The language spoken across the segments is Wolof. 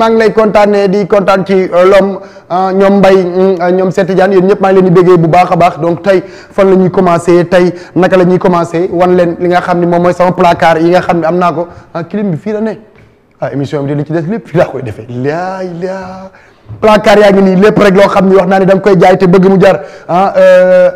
maa ngi lay kontaanee eh, di kontaan ci eh, l'homme eh, ñoom mbay mm, ñoom Seeti Diagne yéen ñëpp maa ngi leen di béggee bu baax a baax donc tey fan la ñuy commencé tey naka la ñuy commencé wan leen li nga xam ne moom mooy sama placard yi nga xam ne am naa ko ah, clim bi fii la ne ah, émission bi li ci des lépp fii laa koy defee laa laa placard yaa ngi nii lépp rek loo xam ne wax naa ne da koy jaay te bëgg mu jar ah euh,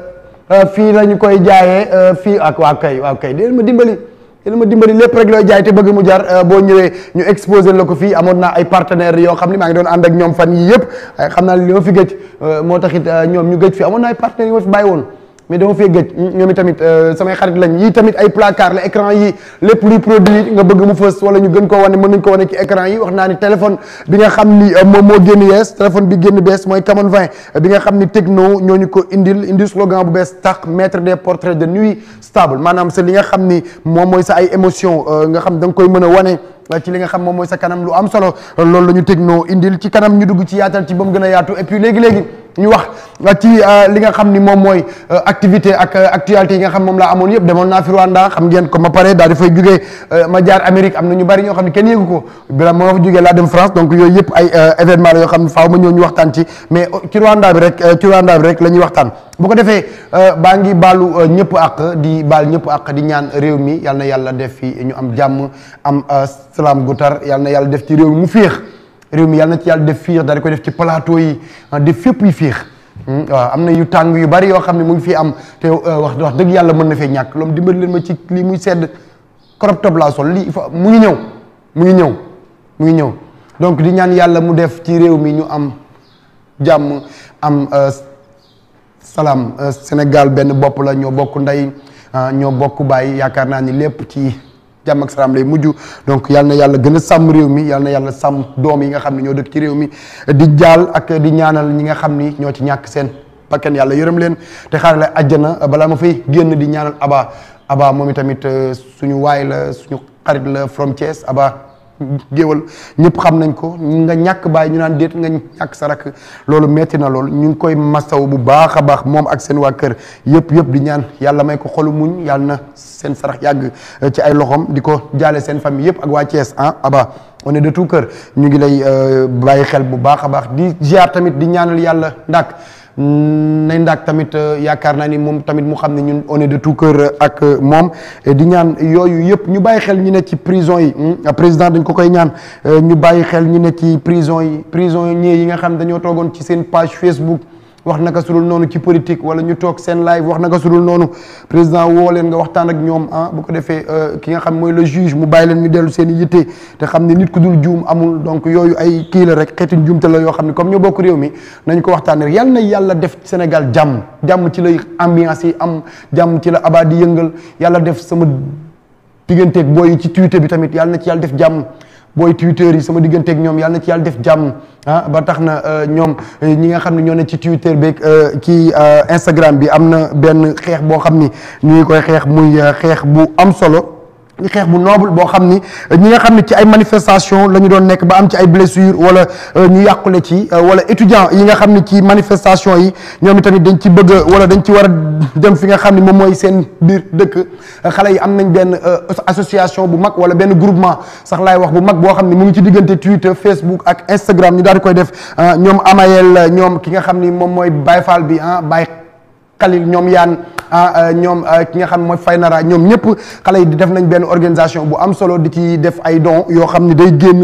euh, fii la koy jaayee euh, fii ak ah, waa kay waa kay déedéet ma dimbali. yéen ma dimbali lépp rek looy jaay te bëgg mu jar euh, boo ñëwee ñu exposé la ko fii amoon naa ay partenaires yoo xam ne maa ngi doon ànd ak ñoom fan yi yëpp xam naa li ma fi gëj euh, moo taxit euh, ñoom ñu gëj fi amoon naa ay partenaires yi ma fi woon mais dama fee gëj ñoom i tamit euh, samay xarit lañ yi tamit ay placard la écran yi lépp luy produit nga bëgg mu fës wala ñu gën ko wane mën nañ ko wane ci écran yi wax naa ni téléphone bi nga xam ni euh, moom moo génn yees téléphone bi génn bees mooy Camon 20 bi nga xam ni techno ñooñu ko indil indi slogan bu bees tax maître des portraits de nuit maanaam c'est li nga xam ni moom mooy sa ay émotion euh, nga xam koy mën a wane ci li nga xam moom mooy sa kanam lu am solo loolu la ñu techno indil ci kanam ñu dugg ci yaatal ci ba mu gën a yaatu et puis léegi-léegi ñu wax euh, ci euh, li nga xam ni moom mooy euh, activité ak actualité yi nga xam moom laa amoon yëpp demoon naa fi Rwanda xam ngeen ko ma pare daal di fay ma jaar Amérique am na ñu bari ñoo xam ne kenn yëgu ko bira ma fa jugee laa dem France yooyu yëpp ay événement la yoo ne faaw ma ñëw ñu waxtaan ci mais ci Rwanda bi rek ci Rwanda bi rek la ñuy waxtaan bu ko defee baa ngi baalu ñëpp ak di baal ñëpp ak di ñaan réew mi yal na yàlla def fi ñu am jàmm am salaam gu tar yal na yàlla def ci réew mi mu féex réew mi yàlla na ci yàlla def fiix daal di koy def ci plateau yi ah, def fépp yu fiix hmm, waaw am na yu tàng yu bari yoo xam ne mu ngi fii am te euh, wax wax dëgg yàlla mën na fee ñàkk loolu dimbali leen ma ci lii muy sedd crop top laa sol lii mu ngi ñëw mu ngi ñëw donc di ñaan yàlla mu def ci réew mi ñu am jàmm am euh, salaam euh, Sénégal benn bopp la ñoo bokk ndey ah, ñoo bokk bàyyi yaakaar naa ni lépp ci jàmm ak salaam lay mujj donc yal na yàlla gën a sàmm réew mi yal na yàlla sàmm doom yi nga xam ne ñoo dëkk ci réew mi di jaal ak di ñaanal ñi nga xam ni ñoo ci ñàkk seen bakkan yàlla yërëm leen te xaarale àjjana balaa ma fay génn di ñaanal Aba Aba moom itamit euh, suñu waay la suñu xarit la from Thiès Aba géwal ñëpp xam nañ ko nga ñàkk baay ñu naan déet nga ñàkk sa loolu metti na lool ñu ngi koy masaw bu baax a baax moom ak seen waa kër yëpp yëpp di ñaan yàlla may ko xolu muñ yàlla na seen sarax yàgg euh, ci ay loxoom di ko jaale seen famille yëpp ak waa Thiès ah Aba on est de tout cœur ñu ngi lay euh, bàyyi xel bu baax a baax di ziar tamit di ñaanal yàlla ndàkk nay ndaak tamit euh, yaakaar naa ni moom tamit mu xam ne ñun on est de tout cœur euh, ak euh, moom di ñaan yooyu yëpp ñu bàyyi xel ñi ne ci prison yi hmm, ah, président dañ ko koy ñaan ñu bàyyi xel ñi ne ci prison yi prison ñii yi nga xam dañoo toogoon ci seen page Facebook wax naka sudul noonu ci politique wala ñu toog seen live wax naka sudul noonu président woo leen nga waxtaan ak ñoom ah bu ko defee euh, ki nga xam mooy le juge mu bay leen ñu dellu seen i yitte te xam ne nit ku dul juum amul donc yooyu ay kii la rek xeetu njuumte la yoo xam ne comme ñoo bokk réew mi nañ ko waxtaanee rek yal na yàlla def Sénégal jàmm jàmm ci lay ambiance yi am jàmm ci la abaa di yëngal yàlla def sama digganteeg booy ci tuité bi tamit yàlla na ci yàlla def jàmm. booy Twitter yi sama digganteeg ñoom yàlla ci yàlla def jàmm ah ba tax na euh, ñoom euh, ñi nga xam ne ñoo ne ci Twitter beeg kii euh, Instagram bi am na benn xeex boo xam ni ñu ngi koy xeex muy xeex bu am solo. di xeex bu noble boo xam ni ñi nga xam ne ci ay manifestation lañu doon nekk ba am ci ay blessure wala euh, ñu yàqule ci euh, wala étudiant yi nga xam ne ci manifestation yi ñoom tamit dañ ci bëgg wala dañ ci war a dem fi nga xam ne moom mooy seen biir dëkk xale yi am nañ benn euh, association bu mag wala benn groupement sax laay wax bu mag boo xam ne mu ngi ci diggante Twitter Facebook ak Instagram ñu daal di koy def ñoom Amayel ñoom ki nga xam ni moom mooy Baye Fall bi ah Baye Khalil ñoom yaan ah, ah, ñoom ah, ki nga xam mooy Faynara ñoom ñëpp xale yi di def nañ benn organisation bu am solo di ci def ay dons yoo xam ni day génn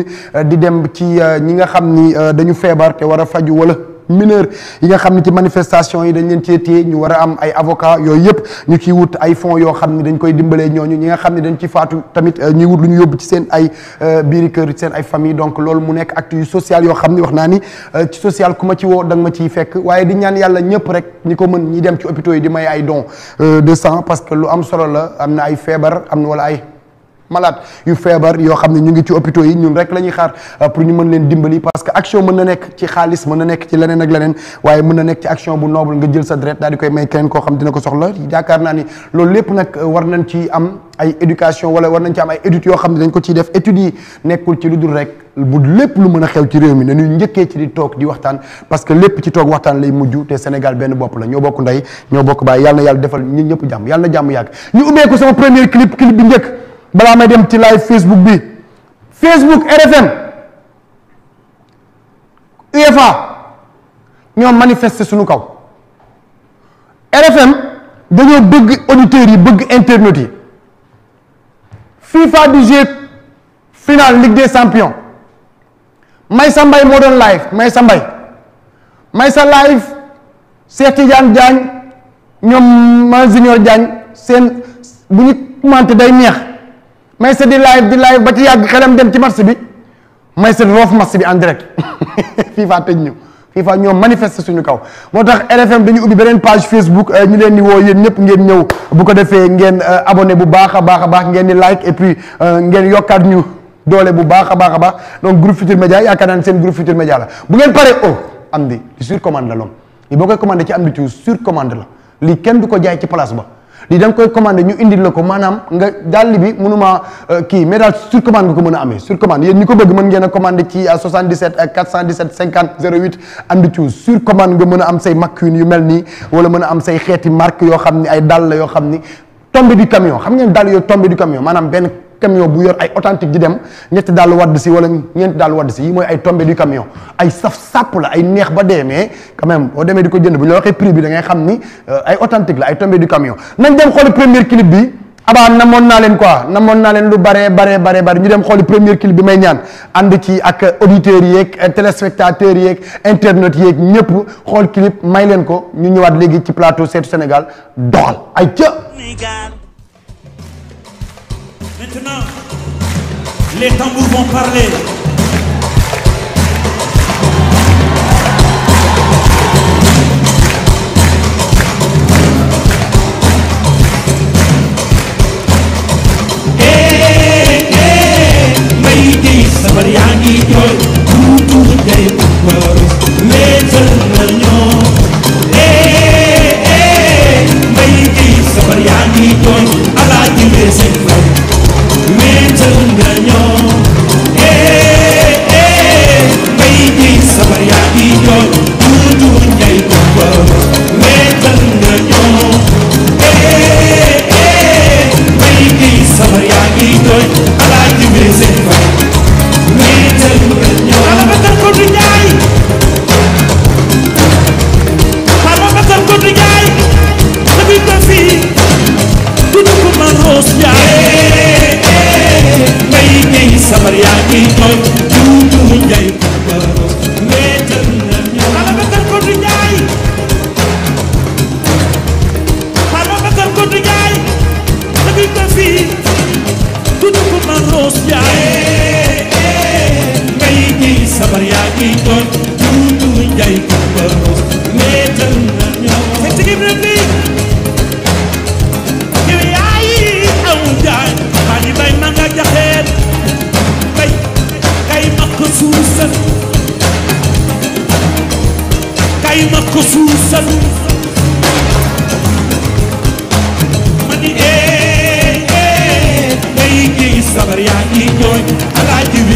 di dem ci ñi nga xam ni dañu feebar te war a faju wala mineur yi nga xam ne ci manifestation yi dañ leen cee téye ñu war am ay avocat yooyu yëpp ñu ciy wut ay fonds yoo xam ne dañ koy dimbalee ñooñu ñi nga xam ne dañ ci faatu tamit euh, ñuy wut lu ñu yóbbu ci seen ay euh, biir kër seen ay famille donc loolu mu nekk acte social yoo xam ni wax naa ni euh, ci social ku ma ci woo da ma ciy fekk waaye di ñaan yàlla ñëpp rek ñu ko mën ñi dem ci hôpitaux yi di may ay donc de sant parce que lu am solo la am na ay feebar am wala ay malade yu feebar yoo xam ne ñu ngi ci hôpitaux yi ñun rek la ñuy xaar euh, pour ñu mën leen dimbali parce que action mën na nekk ci xaalis mën na nekk ci leneen ak leneen waaye mën na nekk ci action bu noble nga jël sa deret daal koy may keneen koo xam dina ko soxla yaakaar naa ni loolu lépp nag euh, war nañ ci am ay éducation wala war nañ ci am ay études yoo xam ne dañ ko ciy def études yi nekkul ci lu dul rek bu lépp lu mën a xew ci réew mi dañuy njëkkee ci di toog di waxtaan parce que lépp ci toog waxtaan lay mujj te Sénégal benn bopp la ñoo bokk ndey ñoo bokk baay yàlla na yàlla defal ñun ñëpp jàmm yàlla na jàmm yàgg ñu ubbee balaa may dem ci live Facebook bi Facebook RFM UEFA ñoom manifeste suñu kaw RFM dañoo bëgg auditeurs yi bëgg internet yi FIFA di jeu final Ligue des Champions Maysa Mbaye moo doon live Maysa Mbaye Maysa live Cheikh Tidiane Diagne ñoom ma junior Diagne seen bu ñu day neex Maysa di live di live ba ci yàgg xelam dem ci match bi Maysa roof match bi en direct FIFA tëj ñu FIFA ñoom manifester suñu kaw moo tax RFM dañu ubbi beneen page Facebook euh, ñu leen di woo yéen ñëpp ngeen ñëw bu ko defee ngeen euh, abonné bu baax a baax a baax ngeen di like et puis euh, ngeen yokkaat ñu doole bu baax a baax a baax donc groupe Futur Média yaakaar naa ne seen groupe Futur Média la bu ngeen paree oh am sur commande la loom li boo koy commandé ci am di ci sur commande la lii kenn du ko jaay ci place ba lii da nga koy commandé ñu indi la ko maanaam nga dàll bi mënuma euh, kii mais sur commande nga ko mën a amee sur commande yéen ñi ko bëgg mën ngeen a commandé ci 77 417 50 08 and choose sur commande nga mën a am say makkun yu mel nii wala mën a am say xeeti marque yoo xam ni ay dàll la yoo xam ni tombé du camion xam ngeen dàll yooyu tombé du camion maanaam benn camion bu yor ay authentique di dem ñetti daal wadd si wala ñeenti daal wadd si yi mooy ay tombé du camion ay saf sàpp la ay neex ba dee mais boo demee di ko jënd bu ñu waxee prix bi da ngay xam ni euh, ay authentique la ay tombé du camion nañ dem xooli premier clip bi abaa namoon naa leen quoi namoon naa leen lu bare bare bare bare ñu dem xooli premier clip bi may ñaan ànd ci ak auditeurs yeeg téléspectateurs yeeg internet yeeg ñëpp xool clip may leen ko ñu ñëwaat léegi ci plateau seetu Sénégal doxal ay ca Maintenant, les tambours vont parler. Somebody I need your voodoo day. Well,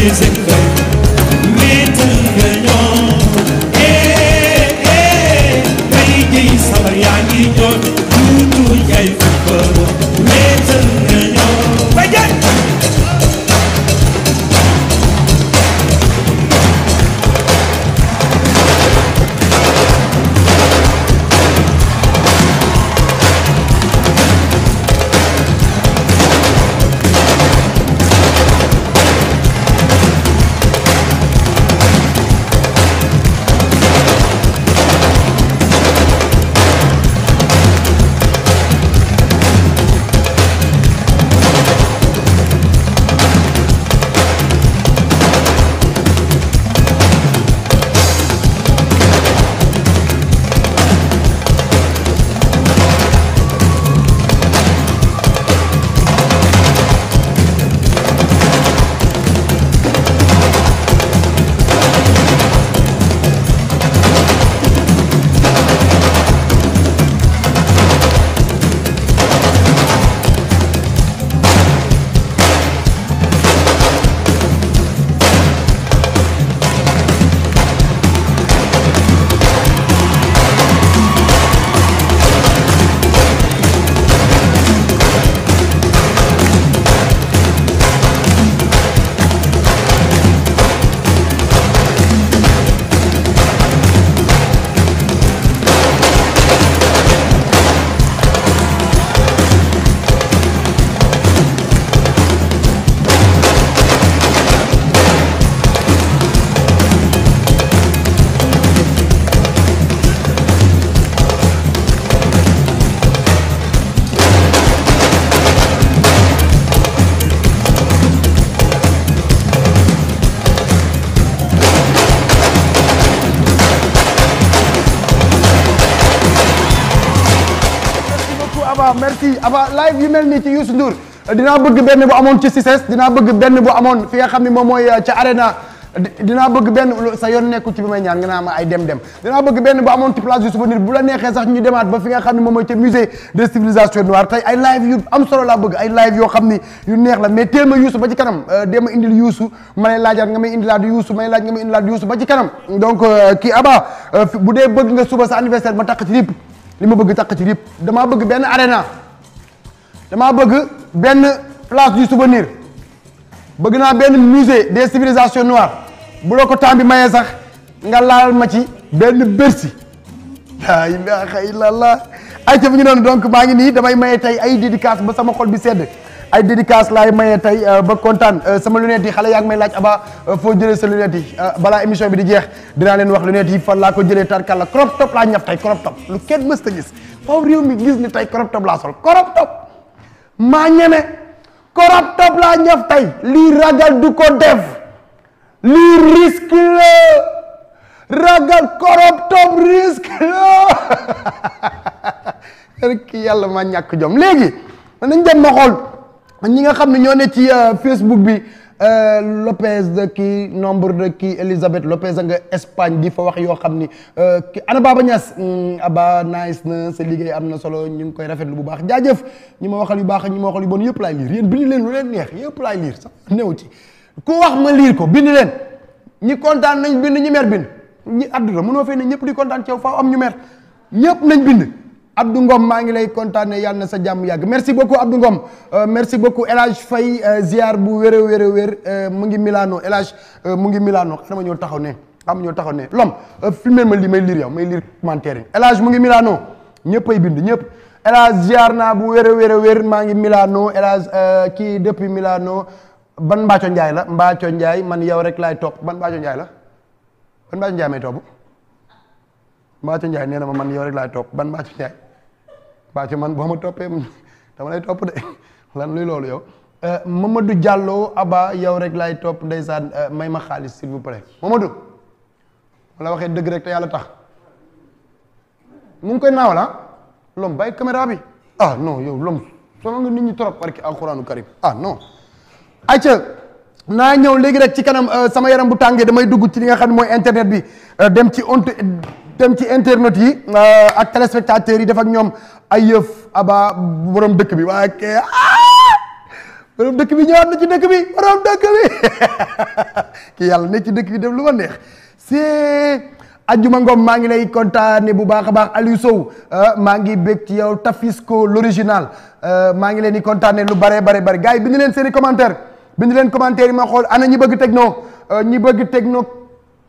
music. Aba merci Aba live yu mel nii ci Youssou Ndour dinaa bëgg benn bu amoon ci CICES dinaa bëgg benn bu amoon fi nga xam ne moom mooy euh, ca Arena dinaa bëgg benn sa yoon nekkul ci bi may ñaan nga ay dem dem dinaa bëgg benn bu amoon ci place du souvenir bu neexee sax ñu demat ba fi nga xam ne moom mooy ca musée de civilisation noire tey ay live yu am solo laa bëgg ay live yoo xam ni yu neex la mais teel ma yuusu ba ci kanam euh, déema indil yuusu ma lay laajaat nga may indilaat yuusu may laaj nga may indilaat yuusu ba ci kanam donc euh, kii Aba bu dee nga suba sa anniversaire ma takk lépp li ma bëgg takk ci rip damaa bëgg benn arena damaa bëgg benn place du souvenir bëgg naa benn musée des civilisations noires bu la ko temps bi mayee nga laal ma ci benn Bercy laa ilaaha illallaah ay ca fi ñu doon donc maa ngi nii damay maye tey ay dédicace ba sama xol bi sedd ay dédicace laay maye tey euh, ba kontaan euh, sama lunette yi xale yaa may laaj Aba euh, foo jëlee sa lunette yi balaa émission bi di jeex dinaa leen wax lunette yi fan laa ko jëlee tarkalla crop top laa ñaf tey crop top lu kenn mës ta gis faw réew mi gis ni tey crop top laa sol crop top maa ñeme crop laa ñaf tey lii ragal du ko def lii risque la ragal crop top la rek yàlla maa ñàkk jom léegi nañ dem ma xool ñi nga xam ne ñoo ne ci euh, Facebook bi euh, Lopez de kii nombre de kii Elisabeth Lopez nga Espagne di fa wax yoo xam ni euh, ana Baba Niass mm, Aba nice na sa liggéey am na solo ñu ngi koy rafetlu bu baax jaajëf ñu ma waxal yu baax ñi ma waxal yu bon yëpp laay liir yéen bind leen lu leen neex yëpp laay liir sax néew ci ku wax ma liir ko bind leen ñi kontaan nañ bind ñi mer bind ñi àdduna mënoo fee ne ñëpp di kontaan ci yow faaw am ñu mer ñëpp nañ bind. Abdou Ngom maa ngi lay kontaane yàlla na sa jàmm yàgg merci beaucoup Abdou Ngom euh, merci beaucoup El fay Faye euh, bu wér a euh, mu ngi Milano El mu ngi Milano xanaa ma taxaw ne xam ñoo taxaw ne lom filmé ma li may lire yow may lire commentaire yi mu ngi Milano ñëpp ay bind ñëpp El Hadj naa bu wér a maa ngi Milano El Hadj kii depuis Milano ban Mbaaco Ndiaye la Mbaaco Ndiaye man yow rek laay topp ban Mbaaco Ndiaye la ban Mbaaco Ndiaye may topp Mbaaco Ndiaye nee na ma man yow rek laay topp ban Mbaaco Ndiaye. waa man boo ma toppee dama lay topp de lan luy loolu ma euh, Mamadou jàlloo Aba yow rek laay topp ndeysaan euh, may ma xaalis s'il vous plaît Mamadou ma la waxee dëgg rek te yàlla tax mu ngi koy naawal ah lom bàyyi caméra bi ah non yow lom sonal nga nit ñi trop barki alxuraanu karim ah non acca naa ñëw léegi rek ci kanam euh, sama yaram bu tàngee damay dugg ci li nga xam ne mooy internet bi dem ci ont ci internet yi ak téléspectateurs yi def ak ñoom ayëf aba boroom dëkk bi waaye kee ah! borom dëkk bi ñëwaat na ci dëkk bi borom dëkk bi ki yàlla ne ci dëkk bi def lu ma neex c'est ajjuma ngoom maa ngi lay ne bu baax a baax Aliou Sow ah, maa ngi bég ci yow Tafisco l'original ah, maa ngi leen di kontaane lu bare bare bare gars yi bind leen seeni i commentaire bind leen commentaire yi ma xool ana ñi bëgg techno ñi bëgg no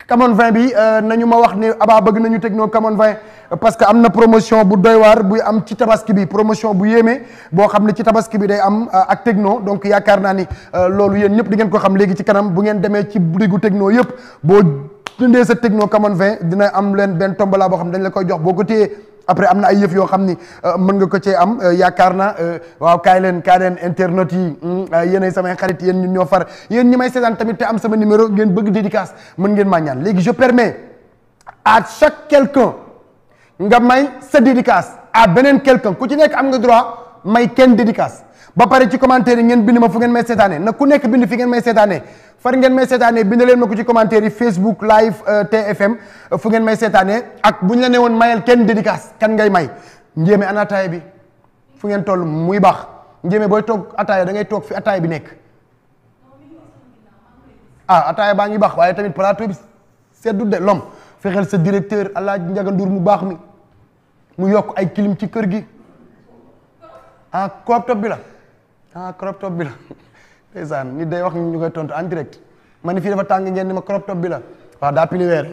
Camon 20 bi euh, nañu ma wax ni Aba bëgg nañu Techno Camon 20 parce que am na promotion bu doy waar buy am ci tabaski bi promotion bu yéemee boo xam ne ci tabaski bi day am euh, ak Techno donc yaakaar naa ni euh, loolu yéen ñëpp di ngeen ko xam léegi ci kanam bu ngeen demee ci burigu Techno yëpp boo dundee sa Techno Camon 20 dina am leen benn tombola boo xam ne dañ la koy jox boo ko téyee après am na ay yëf yoo xam ni euh, mën nga ko cee am euh, yaakaar naa euh, waaw kaay leen kaay leen internet yi hmm, yéenay samay xarit yéen ñun ñoo far yéen ñi may seetaan tamit te am sama numéro ngeen bëgg dédicace mën ngeen ma ñaan léegi je permets à chaque quelqu'un nga may sa dédicace à beneen quelqu'un ku ci nekk am nga droit may kenn dédicace ba pare ci commentaire yi ngeen bind ma fu ngeen may seetaane na ku nekk bind fi ngeen may seetaane far ngeen may seetaane bind leen ma ko ci commentaire yi Facebook live euh, TFM euh, fu ngeen may seetaane ak bu ñu la ne woon mayal kenn dédicace kan ngay may njéeme ana ataaya bi fu ngeen toll muy baax njéeme booy toog ataaya dangay ngay toog fi ataaya bi nekk ah ataaya baa ngi baax waaye tamit plateau bi seddu de lom fexeel sa directeur Alaaji Njaga Nduur mu baax mi mu yokk ay clim ci kër gi ah coop bi la ah crop top bi la ndeysaan nit day wax ñu koy tontu en direct ma ni fii dafa tàng ngeen ni ma crop top bi la wax daa piliweer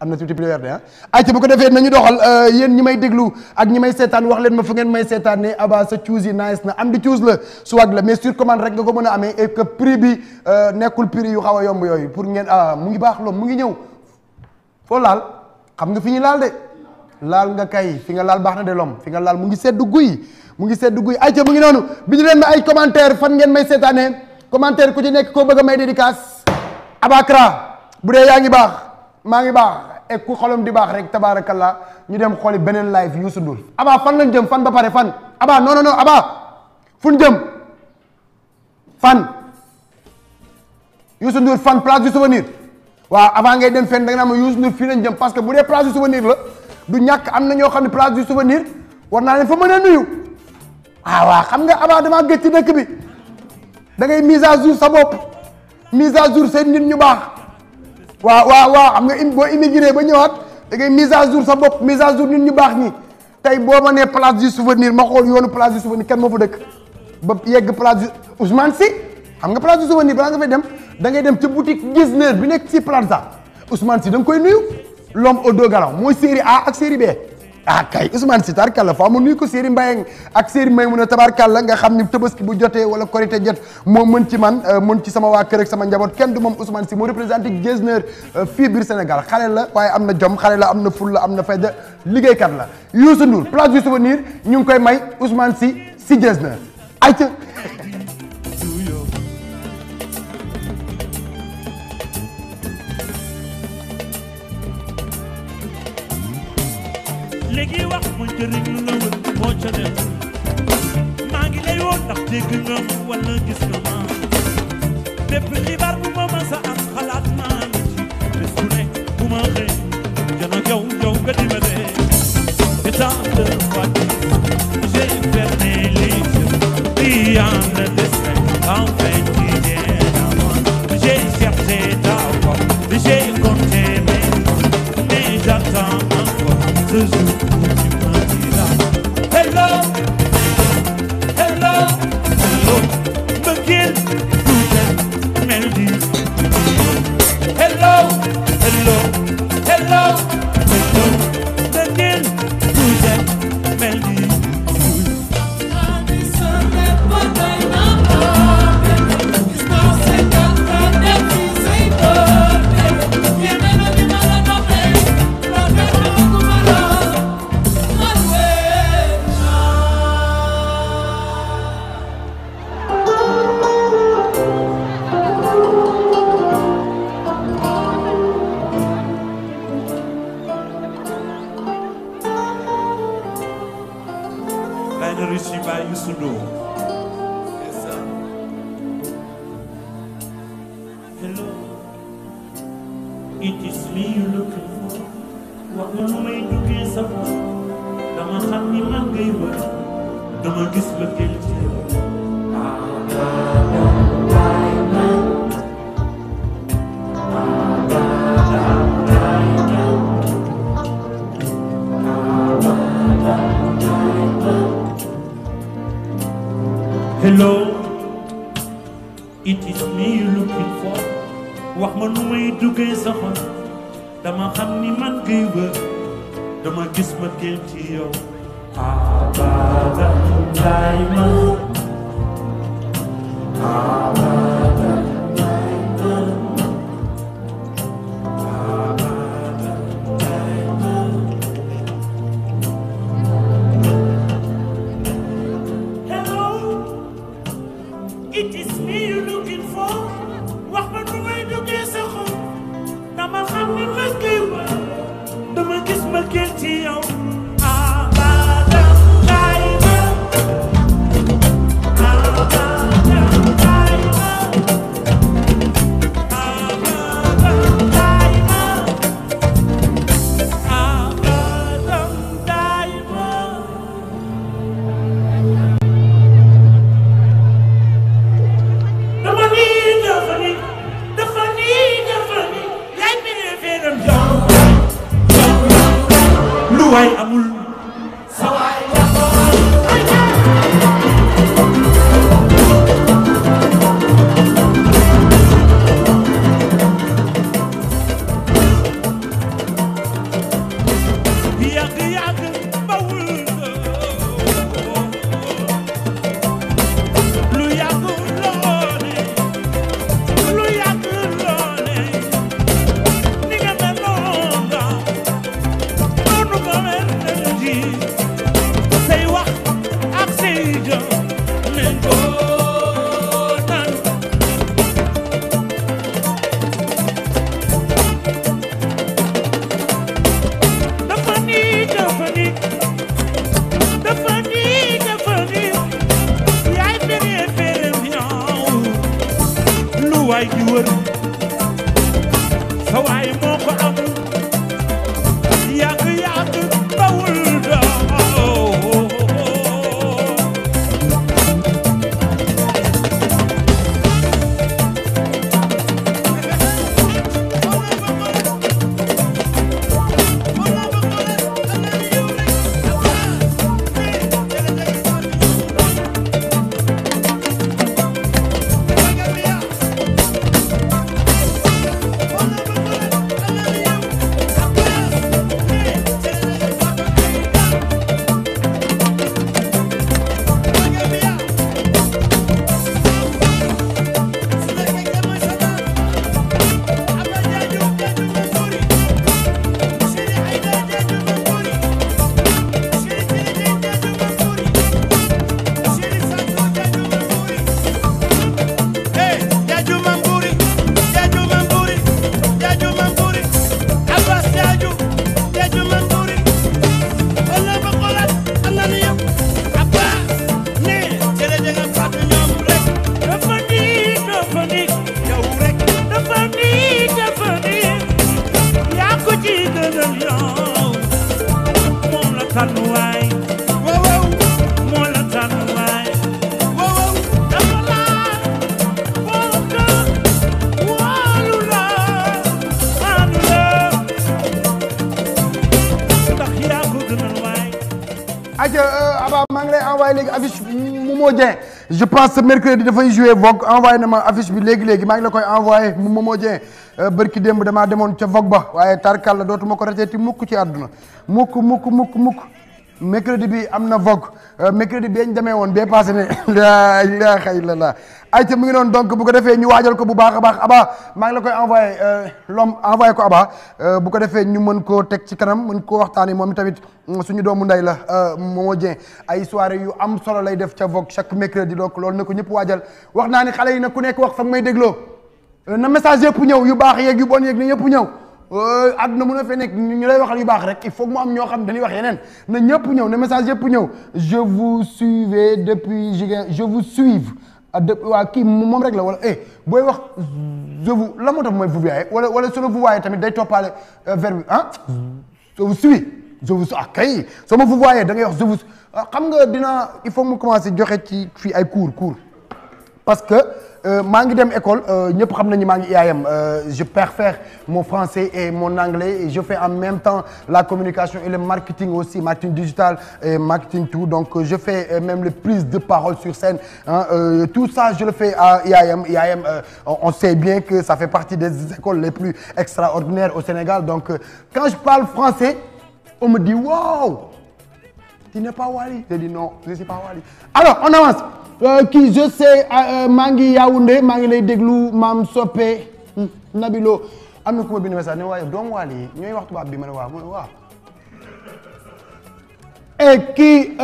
am na tuuti piliweer de ah ayca bu ko defee nañu doxal euh, yéen ñi may déglu ak ñi may seetaan wax leen ma fu ngeen may seetaan ne Aba sa cuus yi nice na am di cuus la swag la mais sur commande rek nga ko mën a amee et que prix bi euh, nekkul prix yu xaw a yomb yooyu pour ngeen ah mu ngi baax lool mu ngi ñëw foo laal xam nga fi ñu laal de laal nga kay fi nga laal baax de lom fi nga laal mu ngi seddu guy mu ngi sedd guy ayca mu ngi noonu bi ñu leen ma ay commentaire fan ngeen may seetaanee commentaire ku ci nekk ko bëgg a may dédicace abakra bu dee yaa ngi baax maa ngi baax et ku xolam di baax rek tabaarakallah ñu dem xooli beneen live Youssou Ndour abaa fan lañ jëm fan ba pare fan abaa non non non abaa fu ñu jëm fan Youssou Ndour fan place du souvenir waa avant ngay dem fenn da nga naan ma Youssou Ndour fii lañ jëm parce que bu dee place du souvenir la du ñàkk na ñoo xam ne place du souvenir naa leen fa mën a ah waaw xam nga Aba damaa gëj ci bi da ngay mise à jour sa bopp mise à jour seen nit ñu baax waa waaw waaw xam nga boo immigré ba ñëwaat da ngay mise à jour sa bopp mise à jour nit ñu baax ñi tey boo ma nee place du souvenir ma xool yoonu place du souvenir kenn moo fo dëkk ba yegg place du Ousmane Sy xam nga place du souvenir balaa nga fay dem dangay dem ci boutique Gisner bi nekk ci Plaza Ousmane Sy da nga koy nuyu l'homme au dos galant mooy série A ak série B. ah kay Ousmane Sy tabarkàlla faa ma nuyu ko Serigne Mbaye ak Serigne May mu ne tabarkàlla nga xam ni tabaski bu jotee wala korité jot moo mën ci man euh, mën ci sama waa kër ak sama njaboot kenn du moom Ousmane Sy moo représenté Getzner euh, fii biir Sénégal xale la waaye am na jom xale la am na la am na fayda liggéeykat la Youssou Ndour place du souvenir ñu ngi koy may Ousmane si si ay ca léegi wax ma njëriñ lu la wër moo ca nekk maa ngi lay woo ndax dégg nga ma wala gis nga ma bépp xibaar bu ma mës a am xalaat naa la ci bés ne bu ma xëy jana yow yow nga dimbale état de Fatick j'ai fermé les yeux rien ne descend enfin tu viens à moi j'ai cherché ta voix j'ai compté mes mots mais j'attends encore ce jour gis ma génn ci yow abadan dayman waay di wër sa waay je pense que mercredi dafay jouer Vogue envoyé na ma affiche bi léegi léegi maa ngi la koy envoyé mu Momo Dieng euh, bërki démb damaa demoon ca Vogue ba waaye tarkal la dootuma ko rateeti mukk ci àdduna mukk muk mukk mukk mercredi bi am na vogue euh, mercredi bi ñu demee woon bee passé ne laa ilaaha illallaah ayca mu ngi doon donc bu ko defee ñu waajal ko bu baax a baax Aba maa ngi la koy envoyé euh, lom envoyé ko Aba euh, bu ko defee ñu mën koo teg ci kanam mën koo waxtaanee moom tamit mm, suñu doomu ndey la moo Dieng a soirée yu am solo lay def ca vogue chaque mercredi donc loolu na ko ñëpp waajal wax naa ne xale yi na ku nekk wax fa may dégloo na message yëpp ñëw yu baax yeeg yu bon yeeg na yëpp ñë àdduna mën a fee nekk ñu lay waxal yu baax rek il faut mu am ñoo xam dañuy wax yeneen na ñëpp ñëw na message yëpp ñëw je vous suivais depuis Jigéen je vous suive ah, waa kii moom rek la wala eh booy wax je vous la moo tax mooy vous voyez wala wala su la tamit day toppaale euh, verbe bi ah je vous suis je vous ah kay soo ma vous voyez da ngay wax je vous ah, xam nga dina il faut mu commencer joxe ci fii ay cours cours parce que. Euh, maa ngi dem école euh, ñëpp xam nañu maa ngi IAM euh, je perfectionne mon français et mon anglais et je fais en même temps la communication et le marketing aussi marketing digital et marketing tout donc je fais même le prises de parole sur scène tout ça je le fais à IAM IAM on sait bien que ça fait partie des écoles les plus extraordinaires au Sénégal donc euh, quand je parle français on me dit waouh tu n'es pas Wally je non alors on avance kii euh, je sais euh, euh, maa ngi Yaoundé maa ngi lay déglu maam soppe Nabilo am na ku ma bind message ne waaye doomu waal yi ñooy wax tubaab bi ma ne waaw ma ne waaw et kii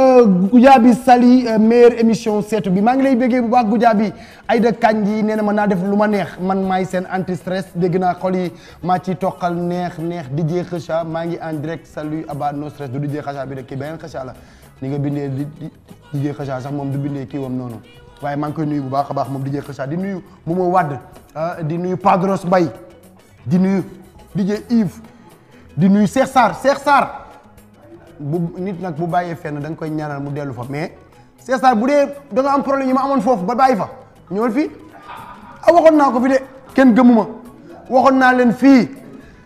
Goudiaby Sali meilleure émission seetu bi maa ngi lay béggee bu baax Goudiaby Aïda Kandji nee na mën naa def lu ma neex man maay seen anti stress dégg naa xol yi maa ci toqal neex neex di DJ Kheucha maa ngi en direct salut Aba no stress du DJ Kheucha bi de kii beneen Kheucha la ni nga bindee di DJ Kheucha sax moom du bindee kii wam noonu waaye maa ngi koy nuyu bu baax a baax moom DJ Kheucha di nuyu Momo Wade ah, di nuyu Padros Mbaye di nuyu DJ Yves di nuyu Cheikh Sarr Cheikh Sarr bu nit nag bu bàyyee fenn da nga koy ñaanal mu dellu fa mais Cheikh Sarr bu dee da nga am problème yi ma amoon foofu ba bàyyi fa ñëwal fii a ah, waxoon naa ko fi de kenn gëmuma waxoon naa leen fii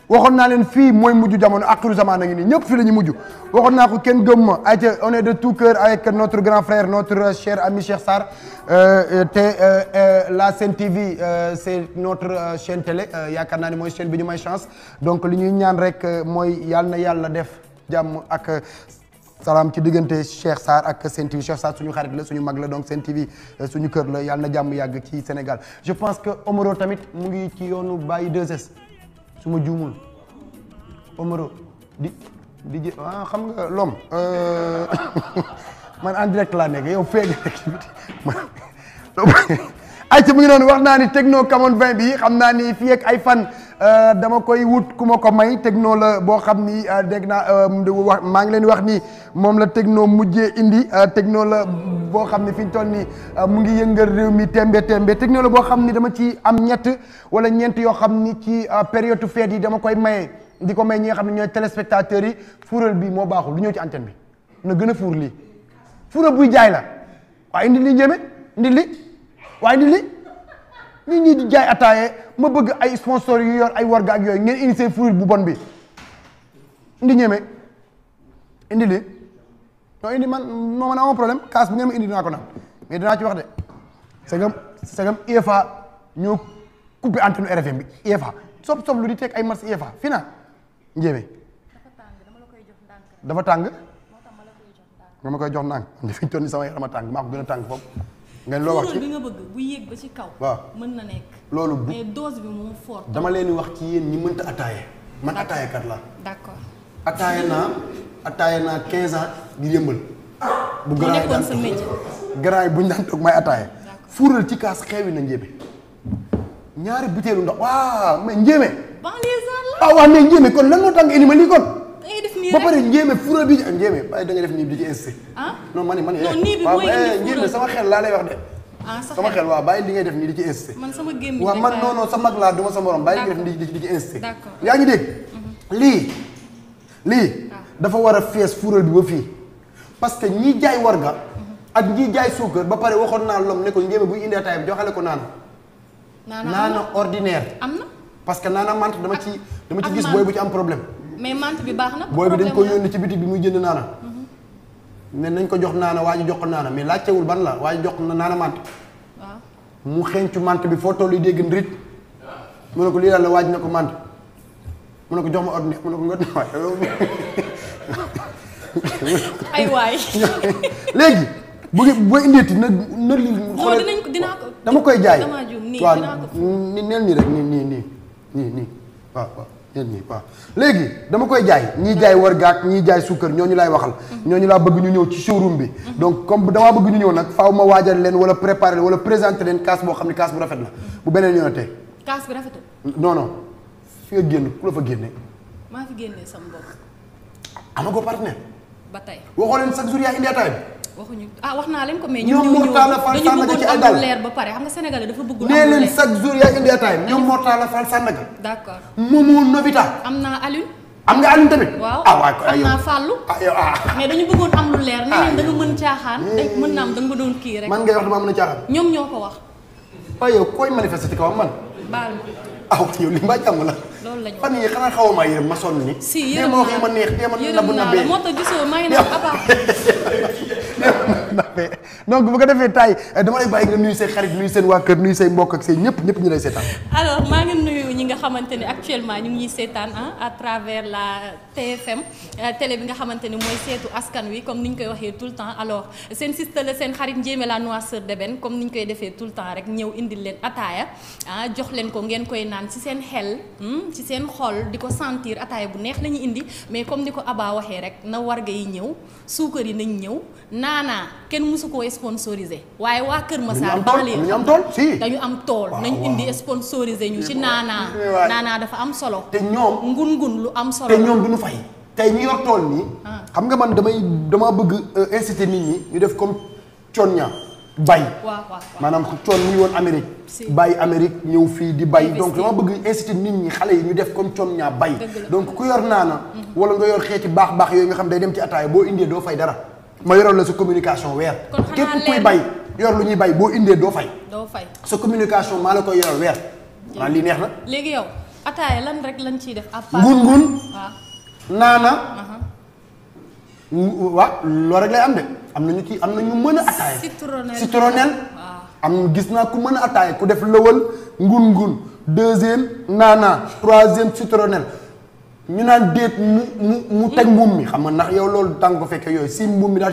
waxoon naa leen fii mooy mujj jamono axiru zaman a ngi nii ñëpp fi la ñu mujj waxoon naa ko kenn gëm ma ayca on est de tout cœur avec notre grand frère notre cher ami Cheikh Sarr euh, te euh, euh, la Sen TV c' est notre chaîne télé yaakaar naa ne mooy chaîne bi ñu may chance donc li ñuy ñaan rek mooy yàlla na yàlla def jàmm ak salaam ci diggante Cheikh Sarr ak Sen TV Cheikh Sarr suñu xarit la suñu mag la donc Sen TV suñu kër la yàlla na jàmm yàgg ci Sénégal je pense que Omaro tamit mu ngi ci yoonu bàyyi 2S. su ma juumul di di jë ah nga lom euh, man en direct laa nekk yow fee rek man ayca mu noonu wax naa ni techno camon 20 bi xam naa ni fii ak ay fan. Euh, dama koy wut ku ma ko may teg techno la boo xam ni euh, dégg naa euh, wax maa ngi leen wax ni moom la teg techno mujjee indi techno la boo xam ni fi ñu toll nii mu ngi yëngal réew mi tembe tembe techno la boo xam ni dama ci am ñett wala ñeent yoo xam ni ci période fête yi dama koy maye di ko may ñi nga xam ne ñooy téléspectateurs yi fuural bi moo baaxul lu ñëw ci antenne bi na gën a fuur lii fuural buy jaay la waaye indi li jëme waaye indi nit ñi di jaay ataaye ma bëgg ay sponsor yu yor ay warga ak yooyu ngeen indi seen fruit bu bon bi indi ñeme indi li non indi man moo man problème kaas bu ngeen ma indi naa ko naan mais dinaa ci wax de segam segam IFA ñoo coupé antenne RFM bi IFA e sob sob lu di teg ay match IFA e fii na njéeme dafa tàng dama la koy jox ndànk nga ma koy jox ndànk fi ñu toll tàng maa ko gën a tàng foofu ngeen loo wax ci bi nga bëgg bu yéeg ba ci kaw. waaw mën na nekk. loolu bu mais dose bi moo fort. dama leen di wax ci yéen ñi mënta attaaye man attaaye kat la d'accord attaaye naa attaaye naa 15 ans di yëmbal. bu garaay bu nekkoon sa métier. garaay bu ci kaas xewi na njéeme ñaari butéelu ndox waaw mais njéeme. banlieue la ah, njéeme kon lan moo tax nga indi kon. ba pare njéeme fura bi ah, njéeme bàyyi da nga def nii bi ci insisté. Ah? non man man eh, njéeme sama xel laa lay wax de. Ah, sama xel waaw bàyyi li ngay def nii di ci insisté. man sama gémmiñ waaw man non non sa mag laa du ma sa morom bàyyi li nga def nii di ci insisté. yaa ngi dégg. Mhm. lii lii dafa war a fees fural bi ba fii parce que ñi jaay war warga mhm. ak ñi jaay suukar ba pare waxoon naa lom ne ko njéeme buy indi ataay bi joxale ko naana. naana ordinaire. am na parce que naana mante dama ci dama ci gis booy bu ci am problème. mais mant bi baax na. booy bi dañ koo yónni ci bitig bi muy jënd naana. Mhm. ne nañ ko jox naana waa ji jox ko naana mais laajtewul ban la waa ji jox na naana mante. mu xeeñcu mante bi foo toll yi dégg nit. mu ne ko lii daal la waaj na ko mante. mu ne ko jox ma ordinaire mu ne ko nga waay ay waay. léegi bu ngeen boo indeeti na lii. xoolal dinañ dama koy jaay. waaw nii nii nii nii nii nii nii waaw yéen ñii waaw léegi dama koy jaay ñii jaay war gaak ñii jaay suukar ñooñu laay waxal mhm. ñooñu laa bëgg ñu ñëw ci showroom bi mhm. donc comme damaa bëgg ñu ñëw nag faaw ma waajal leen wala préparer leen wala présenter leen kaas boo xam ne kaas bu rafet la mhm. bu beneen yoon tey kaas bi rafetul non non nga génn ku la fa génne maa fi génne sama bopp amagoo partenaire ba tey waxoo leen chaque jour yaa indi waxuñu ah wax naa leen ko mais ñoom ba pare xam nga sénégalais dafa bëgg nee leen chaque jour yaa indi ataay ñoom Mortalla Fall Sandaga d'accord Momo Nobita am naa Alioune am nga Alioune tamit waaw ah waaw am naa Fallou ah ah mais dañu bëggoon am lu leer ne leen ah, da nga mën caaxaan eh. dañ mën naam am da doon kii rek man ngay wax dama mën a caaxaan ñoom ñoo ko wax waaye ah, yow koy manifesté ci kawam man baal ma ah yow li mbaa jàmm la. loolu la ñu fan yii xanaa xaw ma ma sonn ni. si yërëm naa la ma wax ma neex dee ma nabu nabee yërëm naa la moo tax gisoo maa ngi naan jàppee donc bu ko defee tay euh, dama lay bàyyi nga nuyu say xarit nuyu seen waa kër nuyu say mbokk ak say ñëpp ñëpp ñu lay seetaan. alors maa ngi nuyu ñi nga xamante ne actuellement ñu ngi seetaan à travers la TFM euh, télé bi nga xamante mooy seetu askan wi comme ni ñu koy waxee tout le temps alors seen siste la seen xarit njéeme la noisseur de benn comme ni ñu koy defee tout le temps rek ñëw indil leen ataaya jox leen ko ngeen koy naan ci seen xel hmm, ci seen xol di ko sentir ataaya bu neex la ñu indi mais comme ni ko Aba waxee rek na warga yi ñëw suukar yi nañ ñëw kenn mësu koo sponsorisé waaye waa Kër Massar banlieue am tool si dañu am tool nañu indi sponsorisé ñu ci naanaa naanaa dafa am solo te ñoom ngun ngun lu am solo te ñoom duñu fay tey ñu yor tool nii ah. xam nga man damay dama bëgg euh, inciter nit ñi ñu def comme coon ña bay maanaam coon muy woon Amérique bàyyi Amérique ñëw fii di bay donc dama bëgg inciter nit ñi yi ñu def comme coon ñaa bay donc ku yor naana mm-hmm. wala nga yor xeeti baax baax yooyu nga xam day dem ci ataaya boo indee doo fay dara ma yoroon la sa communication weer. kon képp kuy bay yor lu ñuy bay boo indee doo fay. doo fay sa communication maa la koy yor weer. waa lii neex na. léegi yow ataaya lan rek lañ ciy def. à part ngun ngun. waaw naana. waaw loolu rek lay am de am na ñu ci am na ñu mën a ataaya. citronnelle citronnelle. am gis naa ku mën a ataaya ku def lëwal ngun ngun deuxième naana troisième citronnelle. ñu naan déet mu mu mu teg mbuum mi xam nga ndax loolu tàng ko fekkee yooyu si mbuum mi daal